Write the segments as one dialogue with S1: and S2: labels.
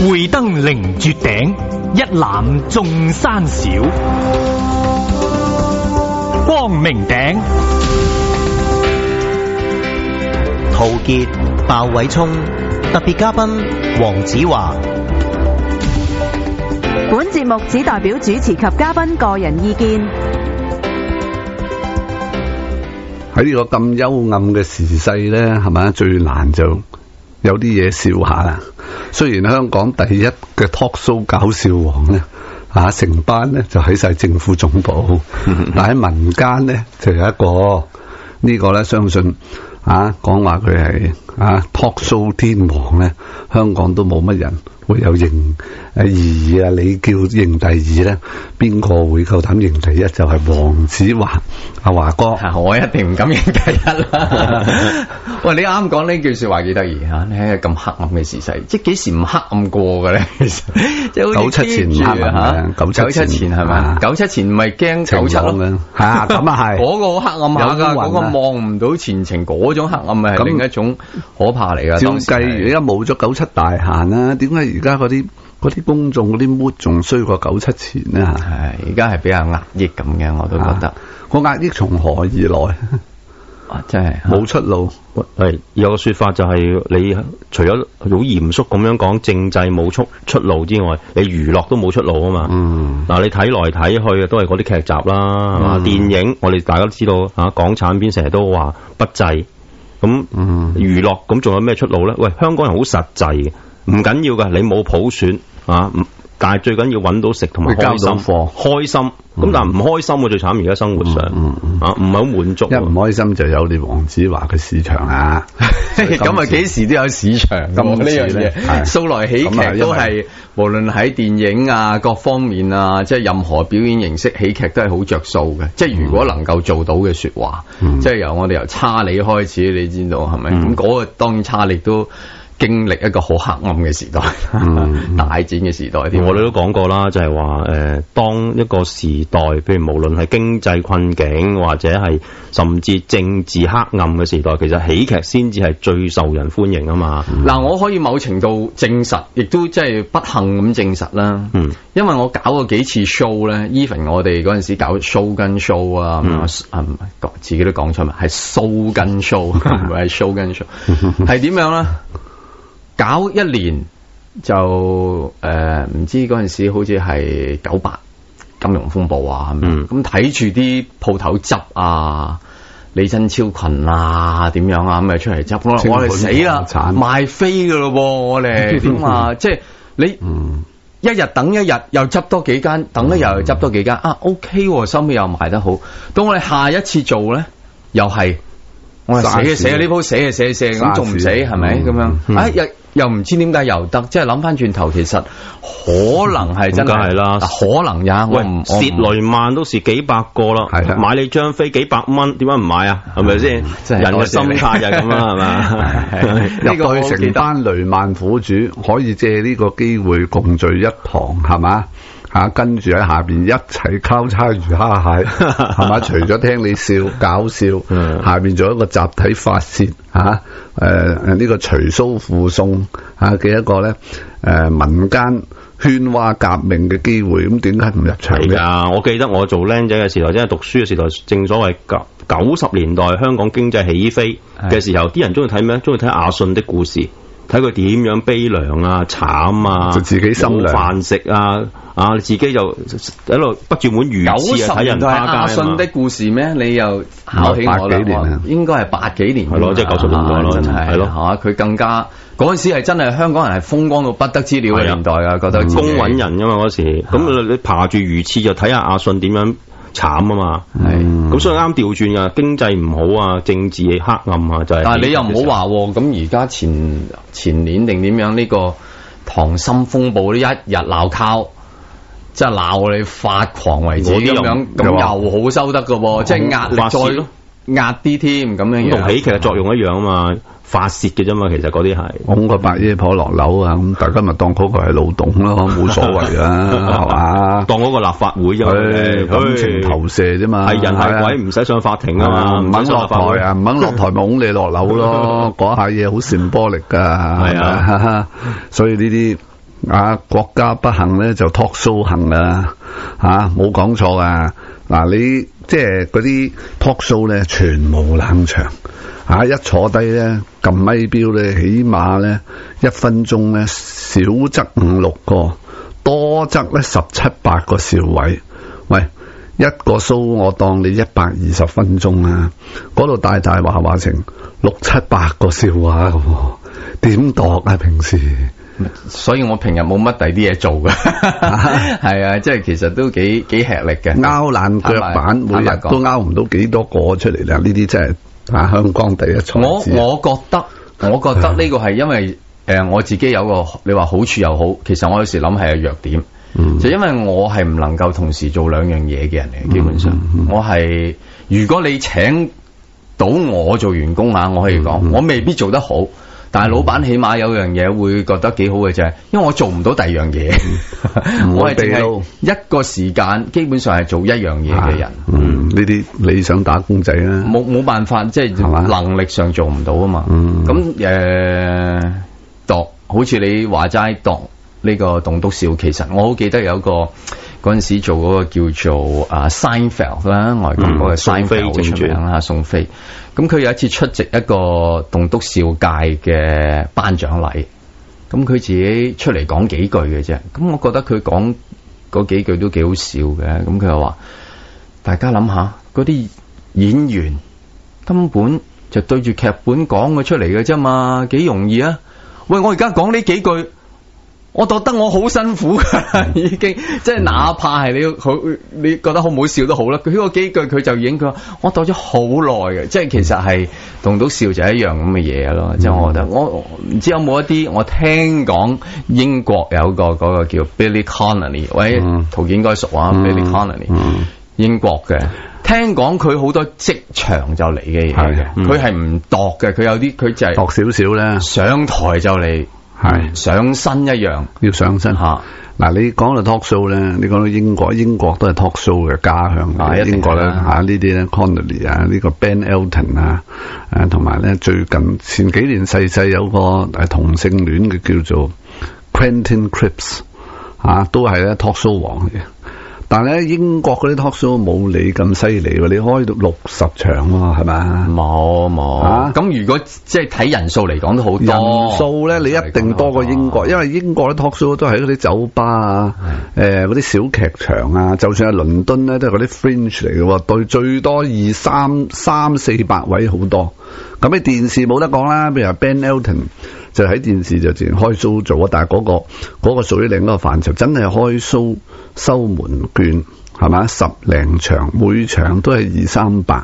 S1: 會登凌絕頂，一覽眾山小。光明頂，陶傑、鮑偉聰，特別嘉賓黃子華。華本節目只代表主持及嘉賓個人意見。
S2: 喺呢個咁幽暗嘅時勢咧，係咪最難就。有啲嘢笑下啦，雖然香港第一嘅 talk show 搞笑王咧，啊成班咧就喺晒政府總部， 但喺民間咧就有一個、這個、呢個咧相信啊講話佢係。啊！Talk show 天王咧，香港都冇乜人會有認誒、啊、二啊，你叫認第二
S1: 咧，邊個會夠膽認第一？就係、是、黃子華阿華哥、啊，我一定唔敢認第一啦。 喂，你啱啱講呢句說話幾得意吓？你喺咁黑暗嘅時勢，即係幾時唔黑暗過嘅咧？其實即係九七前啊，九七前係咪？啊、九七前唔咪驚九七咯？係啊，咁啊係。嗰 個好黑暗嗰、啊、個望唔到前程，嗰種黑暗咪係另一種那。可怕嚟噶！照計而家
S2: 冇咗九七大限啦，點解而家嗰啲嗰啲公眾啲 mood 仲衰過九七
S1: 前呢？係而家係比較壓抑咁嘅，我都覺得。我壓抑從何而來？真係冇出路。係有個說法就係，你除咗
S3: 好嚴肅咁樣講政制冇出出路之外，你娛樂都冇出路啊嘛。嗯，嗱，你睇來睇去都係嗰啲劇集啦，係嘛電影。我哋大家都知道啊，港產片成日都話不濟。咁那嗯，娛樂咁仲有咩出路咧？喂，香港人好實際嘅，唔緊要噶，你冇普選啊。嗯但係最緊要揾到食同埋交到貨，開心咁但係唔開心嘅最慘，而家生活上啊唔係好滿足，一唔開心就有你黃子華嘅市場啊，咁啊
S1: 幾時都有市場咁呢樣嘢，素來喜劇都係無論喺電影啊各方面啊，即係任何表演形式喜劇都係好着數嘅，即係如果能夠做到嘅說話，即係由我哋由差你開始，你知道係咪？咁嗰個當然差你都。經歷一個好黑暗嘅時代，mm. 大展嘅時代。Mm. 我哋都講過啦，就係話，誒，
S3: 當一個時代，譬如無論係經濟困境或者係甚至政治黑暗嘅時代，其實喜劇先至係最受人歡迎啊嘛。
S1: 嗱、嗯，我可以某程度證實，亦都真係不幸咁證實啦。嗯，mm. 因為我搞過幾次 show 咧，even 我哋嗰陣時搞 show 跟 show、mm. 啊，唔係，自己都講出嚟，係 show 跟 show 唔係 show 跟 show，係點樣咧？ 搞一年就誒，唔、呃、知嗰陣時好似係九八金融風暴啊，咁睇住啲鋪頭執啊，李真超群啊，點樣啊咁啊、嗯、出嚟執、啊，我哋死啦，賣飛噶咯，我哋啊即係你一日等一日，又執多幾間，等一日又執多幾間，嗯、啊 OK，收、哦、尾又賣得好，到我哋下一次做咧，又係。我話死就死，呢鋪死就死，死咁仲唔死？係咪咁樣？哎，又又唔知點解又得？即係諗翻轉頭，其實可能係真係啦，可能也喂，蝕雷
S3: 曼都蝕幾百個啦，買你張飛幾百蚊，點解唔買啊？係咪先？人嘅心態就咁啦，係嘛？入袋成班雷
S2: 曼苦主，可以借呢個機會共聚一堂，係嘛？吓、啊，跟住喺下邊一齊交叉魚蝦蟹，係嘛？ 除咗聽你笑， 搞笑，嗯、下邊仲有一個集體發洩吓，誒誒呢個隨騷附送嘅一個咧，誒、呃、民間喧嘩革命嘅機會，咁點解唔入
S3: 場嘅？我記得我做僆仔嘅時代，即係讀書嘅時代，正所謂九九十年代香港經濟起飛嘅時候，啲的人中意睇咩？中意睇《阿信的故事》。睇佢點樣悲涼啊、慘啊，就自己冇飯食啊！啊，自己就
S1: 一路捧住碗魚翅啊，睇人阿信的故事咩？你又考起我啦？應該係八幾年係咯，即係九十年代咯，係咯嚇。佢更加嗰陣時係真係香港人係風光到不得之了嘅年代啊！覺得供揾人啊嘛嗰
S3: 時，咁你爬住魚翅就睇下阿信點樣。慘啊嘛，係是，咁、嗯、所以啱調轉啊，經濟唔好啊，政治黑暗啊，就係、是。但係你又唔好
S1: 話，咁而家前前年定點樣呢、這個溏心風暴呢？一日鬧交，即係鬧你發狂為止，咁樣咁又好收得噶喎、啊，好即係壓力再咯。
S3: 壓啲添，咁樣起其實作用一樣啊嘛，發洩嘅啫嘛，其實嗰啲係拱個白
S2: 衣婆落樓啊，咁大家咪當嗰個係勞動咯，冇所謂啊，係嘛？當嗰個立法會，佢感情投射啫嘛，係人係鬼唔使
S3: 上法庭啊嘛，唔肯落台啊，唔肯落
S2: 台咪拱你落樓咯，嗰下嘢好 symbolic 噶，係啊，所以呢啲啊國家不幸咧就 talk show 行啦，吓冇講錯噶，嗱你。即係嗰啲 talk show 咧，全無冷場啊！一坐低咧，撳咪表咧，起碼咧，一分鐘咧，少則五六個，多則咧十七八個笑位。喂，一個 show 我當你一百二十分鐘啊！嗰度大大話話成六七八個笑話嘅，點度啊？平時。
S1: 所以我平日冇乜第啲嘢做㗎，係啊，即係其實都幾幾吃力嘅，拗爛腳板，爛每日都拗
S2: 唔到幾多個出嚟啦。呢啲
S1: 真係啊，香港第一菜。我我覺得，我覺得呢個係因為誒、呃，我自己有個你話好處又好，其實我有時諗係有弱點，嗯、就因為我係唔能夠同時做兩樣嘢嘅人嚟，基本上嗯嗯嗯我係如果你請到我做員工啊，我可以講，嗯嗯、我未必做得好。但係老闆起碼有樣嘢會覺得幾好嘅就係，因為我做唔到第二樣嘢，嗯、 我係定係一個時間基本上係做一樣嘢嘅人，啊。嗯，呢啲你想打工仔啦，冇冇辦法即係、就是、能力上做唔到啊嘛。嗯，咁誒，當、呃、好似你話齋度呢個棟篤笑，其實我好記得有個嗰陣時做嗰個叫做啊 Seinfeld 啦，外國嗰個 Seinfeld 宋飛。咁佢有一次出席一個棟篤笑界嘅頒獎禮，咁佢自己出嚟講幾句嘅啫。咁我覺得佢講嗰幾句都幾好笑嘅。咁佢又話，大家諗下，嗰啲演員根本就對住劇本講佢出嚟嘅啫嘛，幾容易啊！喂，我而家講呢幾句。我覺得我好辛苦嘅，已經即係哪怕係你好，你覺得好唔好笑都好啦。佢、這、嗰、個、幾句佢就已經，佢話我度咗好耐嘅，即係其實係同到笑就一樣咁嘅嘢咯。即係、嗯、我覺得，我唔知有冇一啲我聽講英國有個嗰、那個叫 Billy Connolly，喂、嗯，圖片應該熟啊、嗯、，Billy Connolly，、嗯嗯、英國嘅。聽講佢好多職場就嚟嘅嘢嘅，佢係唔度嘅，佢、嗯、有啲佢就係度少少咧，點點呢上台就嚟。係是上身一樣，要上身嚇。嗱是，你講到 talk show 咧，你講到英國，
S2: 英國都係 talk show 嘅家鄉。嗱、啊，英國咧嚇呢啲咧，Connolly 啊，呢啊、呢個 Ben Elton 啊，啊同埋咧最近前幾年細細有個誒同性戀嘅叫做 Quentin Crips 啊，都係咧 talk show 王嘅。但係咧，英國嗰啲 talk show 冇你咁犀利喎，你開到六十場喎、啊，係咪？冇冇，咁、
S1: 啊、如果即係睇人數嚟講都好，人數咧你一定
S2: 多過英國，因為英國啲 talk show 都係喺嗰啲酒吧啊，誒嗰啲小劇場啊，就算係倫敦咧都係嗰啲 fringe 嚟嘅、啊，對最多二三三四百位好多。咁你電視冇得講啦，譬如話 Ben Elton。就喺電視就自然開 show 做啊，但係嗰個嗰個屬於另一個範疇，真係開 show 收門券係咪？十零場每場都係二三百。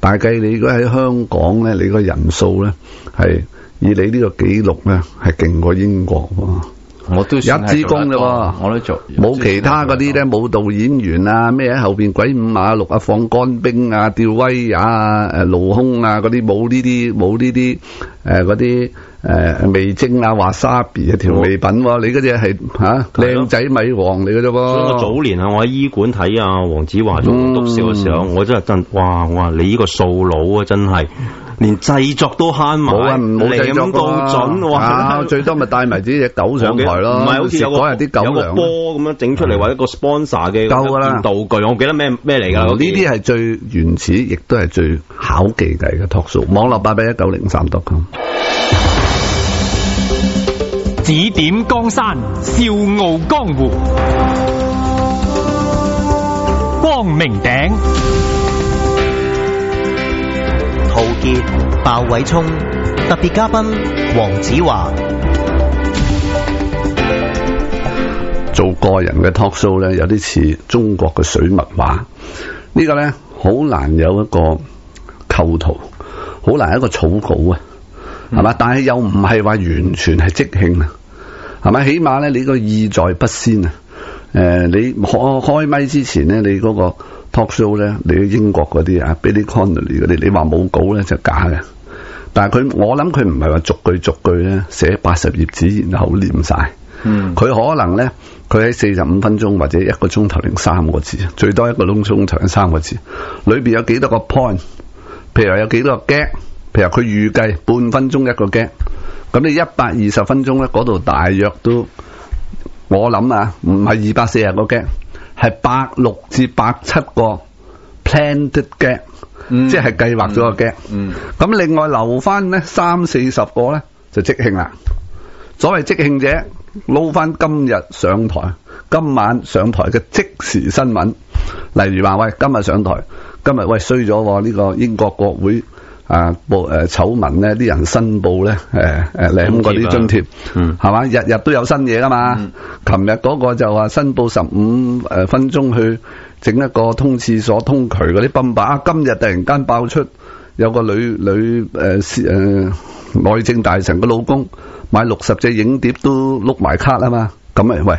S2: 大計你如果喺香港咧，你個人數咧係以你呢個紀錄咧係勁過英國喎。我都一支公啫，我都做冇其他嗰啲咧，舞蹈演員啊，咩喺後邊鬼五馬六啊，放乾冰啊，吊威啊，誒，露胸啊，嗰啲冇呢啲，冇呢啲誒，嗰啲誒，味精啊，或沙皮啊，調味品，啊，我你嗰隻係吓靚仔米王嚟嘅啫。所以我早
S3: 年我啊，我喺醫館睇啊，黃子華仲篤笑嘅時候，嗯、我真係真係，哇，我話你呢個素佬啊，真係。 連製作都慳埋，冇啊！冇咁到準啊！準啊，最多咪帶埋啲隻狗上台咯，唔係好似改下啲狗糧波咁樣整出嚟，或者一個 sponsor 嘅道具，我記得咩咩嚟噶？呢
S2: 啲係最原始，亦都係最考技藝嘅 talk show。網絡八百一九零三度，啊、
S1: 指點江山，笑傲江湖，光明頂。
S3: 陶傑、鮑偉聰，特別嘉賓黃子華。
S2: 做個人嘅 talk show 咧，有啲似中國嘅水墨畫，這個、呢個咧好難有一個構圖，好難一個草稿啊，係嘛？嗯、但係又唔係話完全係即興啊，係咪？起碼咧，你個意在不先啊。誒、呃，你開開麥之前咧，你嗰個 talk show 咧，你英國嗰啲啊，Billy Connolly，啲，你話冇稿咧就假嘅。但係佢，我諗佢唔係話逐句逐句咧寫八十頁紙，然後念晒。嗯。佢可能咧，佢喺四十五分鐘或者一個鐘頭零三個字，最多一個鐘鐘頭三個字。裏邊有幾多個 point？譬如話有幾多個 gag？譬如佢預計半分鐘一個 gag。咁你一百二十分鐘咧，嗰度大約都。我諗啊，唔係二百四十個 gap，係百六至百七個 planned gap，即係計劃咗個 gap。咁、嗯嗯、另外留翻呢三四十個咧就即興啦。所謂即興者，撈翻今日上台、今晚上台嘅即時新聞，例如話喂今日上台，今日喂衰咗呢個英國國會。啊報誒醜聞咧，啲、呃、人申報咧，誒誒領嗰啲津貼，係嘛、嗯，日日都有新嘢㗎嘛。琴日嗰個就話申報十五誒分鐘去整一個通廁所通渠嗰啲泵把，今日突然間爆出有個女女誒誒內政大臣嘅老公買六十隻影碟都碌埋卡啊嘛，咁啊喂，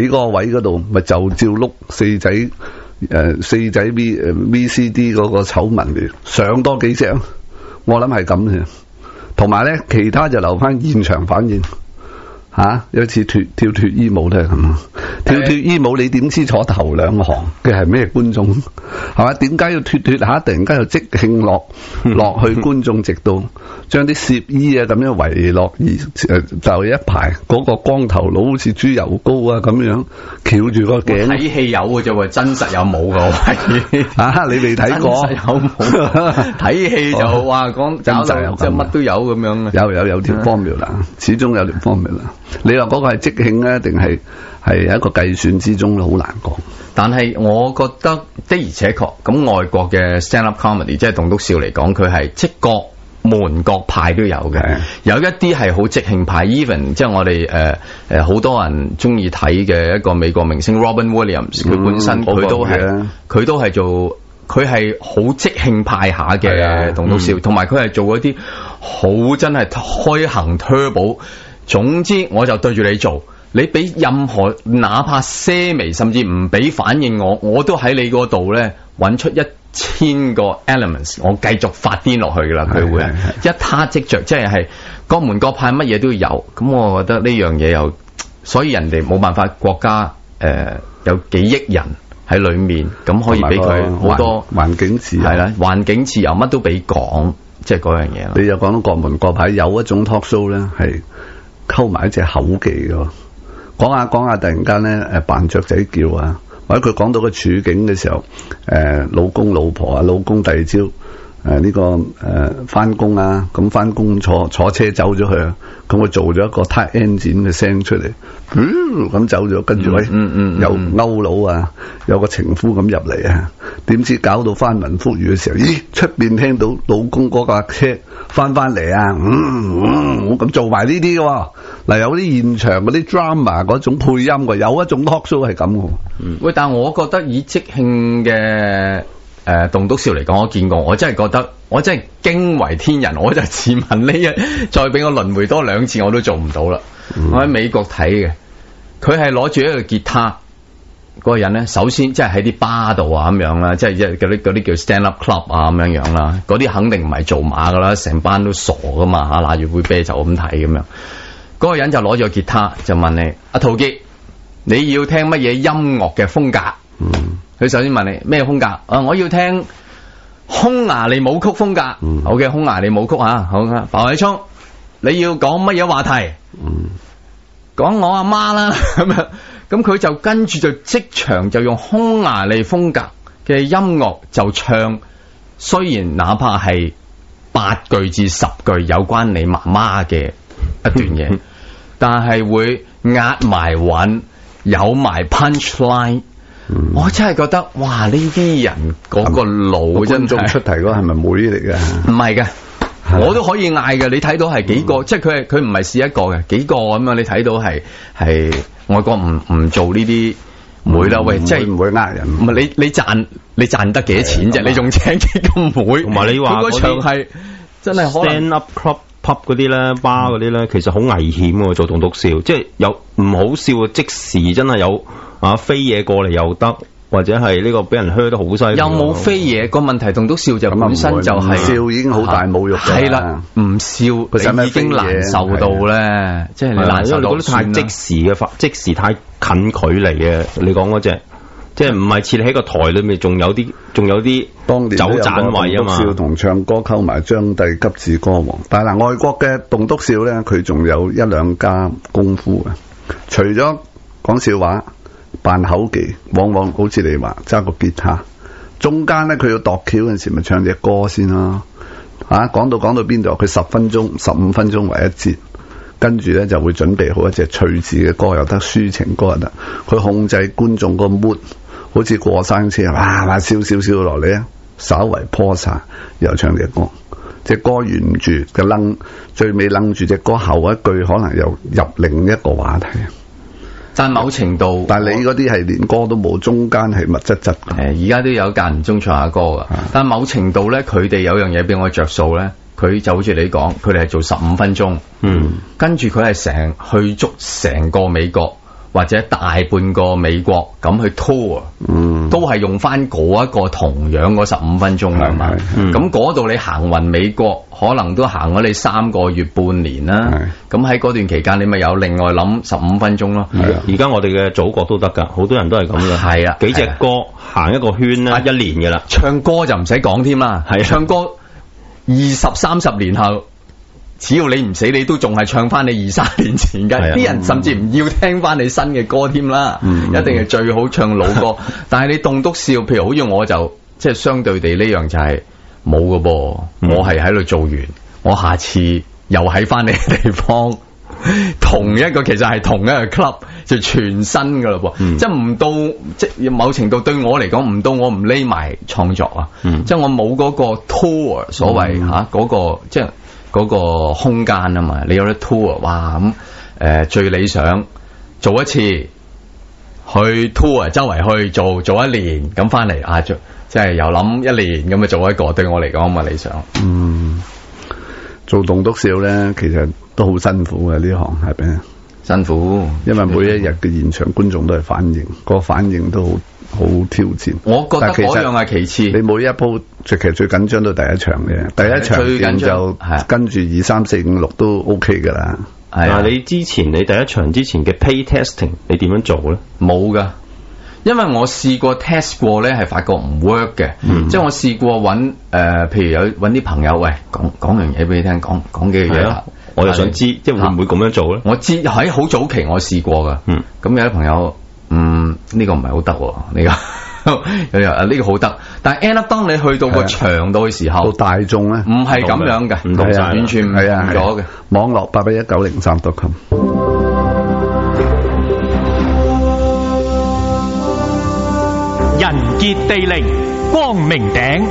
S2: 俾個位嗰度咪就照碌四仔。誒、呃，四仔 V 誒、呃，VCD 嗰個醜聞，上多幾隻，我諗係咁嘅，同埋咧其他就留翻現場反應。吓、啊，有一次脫跳脫衣舞都係咁，跳脫衣舞，你點知坐頭兩行嘅係咩觀眾？係嘛？點解要脫脫下？突然間又即興落落去觀眾，直到將啲攝衣啊咁樣圍落，而、呃、就一排嗰個光頭佬好似豬油膏啊咁樣翹住個頸。睇戲
S1: 有嘅就話真實有冇噶？啊，你未睇過？真實有冇？睇戲就話講，真實即係乜都有咁樣。有有有條方妙啦，始終有條方妙啦。 你話嗰個係即興咧，啊，定係係一個計算之中咧，好難講。但係我覺得的而且確，咁外國嘅 stand up comedy 即係棟篤笑嚟講，佢係即各門各派都有嘅。的有一啲係好即興派，even 即係我哋誒誒好多人中意睇嘅一個美國明星 Robin Williams，佢、嗯、本身佢、嗯、都係佢、嗯、都係做，佢係好即興派下嘅棟篤笑，同埋佢係做一啲好真係開行 Turbo 總之我就對住你做，你俾任何哪怕奢微，甚至唔俾反應我，我都喺你嗰度咧揾出一千個 elements，我繼續發癲落去噶啦。佢會一撻即着，是是是即係係各門各派乜嘢都有。咁我覺得呢樣嘢又所以人哋冇辦法，國家誒、呃、有幾億人喺裏面，咁可以俾佢好多環多境自由係啦，環境自由乜都俾講，即係嗰樣嘢。
S2: 你就講到各門各派有一種 talk show 咧，係。偷埋一隻口技喎，講下講下，突然間咧誒，扮雀仔叫啊，或者佢講到個處境嘅時候，誒、呃、老公老婆啊，老公第二朝。誒，呢個誒，翻工啊，咁翻工坐坐車走咗去，啊，咁我做咗一個 t u t end 剪嘅聲出嚟，咁走咗，跟住喂，嗯嗯，有勾佬啊，有個情夫咁入嚟啊，點知搞到翻雲覆雨嘅時候，咦，出邊聽到老公嗰架車翻翻嚟啊，我、嗯、咁、嗯嗯嗯嗯、做埋呢啲嘅，嗱有啲現場嗰啲 drama 嗰種配音嘅，有一種 talk show 係咁嘅，
S1: 喂、嗯，但係我覺得以即興嘅。誒，棟篤笑嚟講，我見過，我真係覺得，我真係驚為天人，我就自問呢一，再俾我輪回多兩次，我都做唔到啦。嗯、我喺美國睇嘅，佢係攞住一個吉他，嗰、嗰個人咧，首先即係喺啲吧度啊，咁樣啦，即係一嗰啲啲叫 stand up club 啊，咁樣樣啦，嗰啲肯定唔係做馬噶啦，成班都傻噶嘛，拿住杯啤酒咁睇咁樣。嗰、嗰個人就攞住個吉他，就問你：阿、啊、陶傑，你要聽乜嘢音樂嘅風格？嗯，佢首先問你咩風格啊？我要聽匈牙利舞曲風格。嗯、OK，嘅，匈牙利舞曲吓、啊，好啊。范偉聰，你要講乜嘢話題？嗯，講我阿媽啦咁樣。咁 佢、嗯、就跟住就即場就用匈牙利風格嘅音樂就唱，雖然哪怕係八句至十句有關你媽媽嘅一段嘢，嗯嗯、但係會壓埋韻，有埋 punch line。嗯、我真係覺得，哇！呢啲人嗰個腦，真分鐘出
S2: 題嗰係咪妹嚟噶？
S1: 唔係噶，吧我都可以嗌噶。你睇到係幾個？嗯、即係佢係佢唔係試一個嘅，幾個咁樣？你睇到係係外國唔唔做呢啲妹啦？喂，即係唔會呃人。唔係你你賺你賺得幾多錢啫？你仲的請幾個妹？同埋你話嗰場係真係 stand up
S3: club。Pub 嗰啲咧，Bar 嗰啲咧，其實好危險嘅做棟篤笑，即係有唔好笑啊！即時真係有啊，飛嘢過嚟又得，
S1: 或者係呢個俾人噓得好犀利。又冇飛嘢個的問題，棟篤笑就本身就係、是嗯、笑已經好大侮辱性。係啦的，唔笑佢已經難受到咧，的即係
S3: 難受到。太即時嘅發，的即時太近距離嘅，你講嗰隻。即係唔係設喺個台裏面，仲有啲，仲有啲當走盞棧位啊嘛。笑同唱歌
S2: 溝埋張帝、急智歌王。但係嗱、呃，外國嘅棟篤笑咧，佢仲有一兩家功夫嘅。除咗講笑話、扮口技，往往好似你話揸個吉他，中間咧佢要度橋嗰陣時，咪唱隻歌先啦、啊。啊，講到講到邊度，佢十分鐘、十五分鐘為一節，跟住咧就會準備好一隻趣字嘅歌，又得抒情歌又得，佢控制觀眾個 mood。好似過山車，哇哇燒燒燒落嚟，稍微 pause 又唱隻歌，隻歌完住就楞，最尾楞住隻歌後一句可能又入另一個話題。
S1: 但某程度，但係你嗰啲係連歌都冇，中間係密質質。係，而家都有間唔中唱下歌噶。但某程度咧，佢哋有樣嘢俾我着數咧，佢就好似你講，佢哋係做十五分鐘，
S2: 嗯，
S1: 跟住佢係成去捉成個美國。或者大半個美國咁去 tour，嗯，都係用翻嗰一個同樣嗰十五分鐘啊嘛，咁嗰度你行匀美國，可能都行咗你三個月半年啦，咁喺嗰段期間你咪有另外諗十五分鐘咯，而家我哋嘅祖國都得噶，好多人都係咁噶，係啊，幾隻歌行一個圈啦，一年噶啦，唱歌就唔使講添啦，係唱歌二十三十年後。只要你唔死，你都仲係唱翻你二三年前嘅，啲、哎、呀人甚至唔要聽翻你新嘅歌添啦。嗯、一定係最好唱老歌。嗯、但係你棟篤笑， 譬如好似我就即係相對地呢樣就係冇㗎噃。嗯、我係喺度做完，我下次又喺翻你嘅地方同一個其實係同一個 club 就全新噶嘞噃。即係唔到即係某程度對我嚟講唔到我唔匿埋創作、嗯、our, 啊。啊那個、即係我冇嗰個 tour 所謂吓嗰個即係。.嗰個空間啊嘛，你有啲 tour 哇，咁，誒、呃、最理想做一次去 tour 周圍去做做一年，咁翻嚟，啊，做即係又諗一年咁啊做一個，對我嚟講咪理想。嗯，
S2: 做棟篤笑咧，其實都好辛苦嘅呢行係咩？辛苦，因為每一日嘅現場觀眾都係反應，個反應都好好挑戰。我覺得嗰樣係其次。你每一鋪最其實最緊張都係第一場嘅，第一場最緊張，就
S1: 跟住二三四五六都 OK 噶啦。嗱、啊，你之前你第一場之前嘅 pay testing，你點樣做咧？冇噶，因為我試過 test 過咧，係發覺唔 work 嘅。嗯、即係我試過搵，誒、呃，譬如有啲朋友喂，講講樣嘢俾你聽，講講幾樣嘢。我又想知，即係會唔會咁樣做咧、啊？我知喺好早期我試過噶，嗯，咁有啲朋友，嗯，呢、這個唔係好得，呢、這個有啊，呢、 嗯這個好得。但係，當當你去到個場度嘅時候，啊、到大眾咧，唔係咁樣嘅，唔同，同啊、完全
S2: 唔同咗嘅。網絡八八一九零三
S1: 點 com，人傑地靈，光明頂。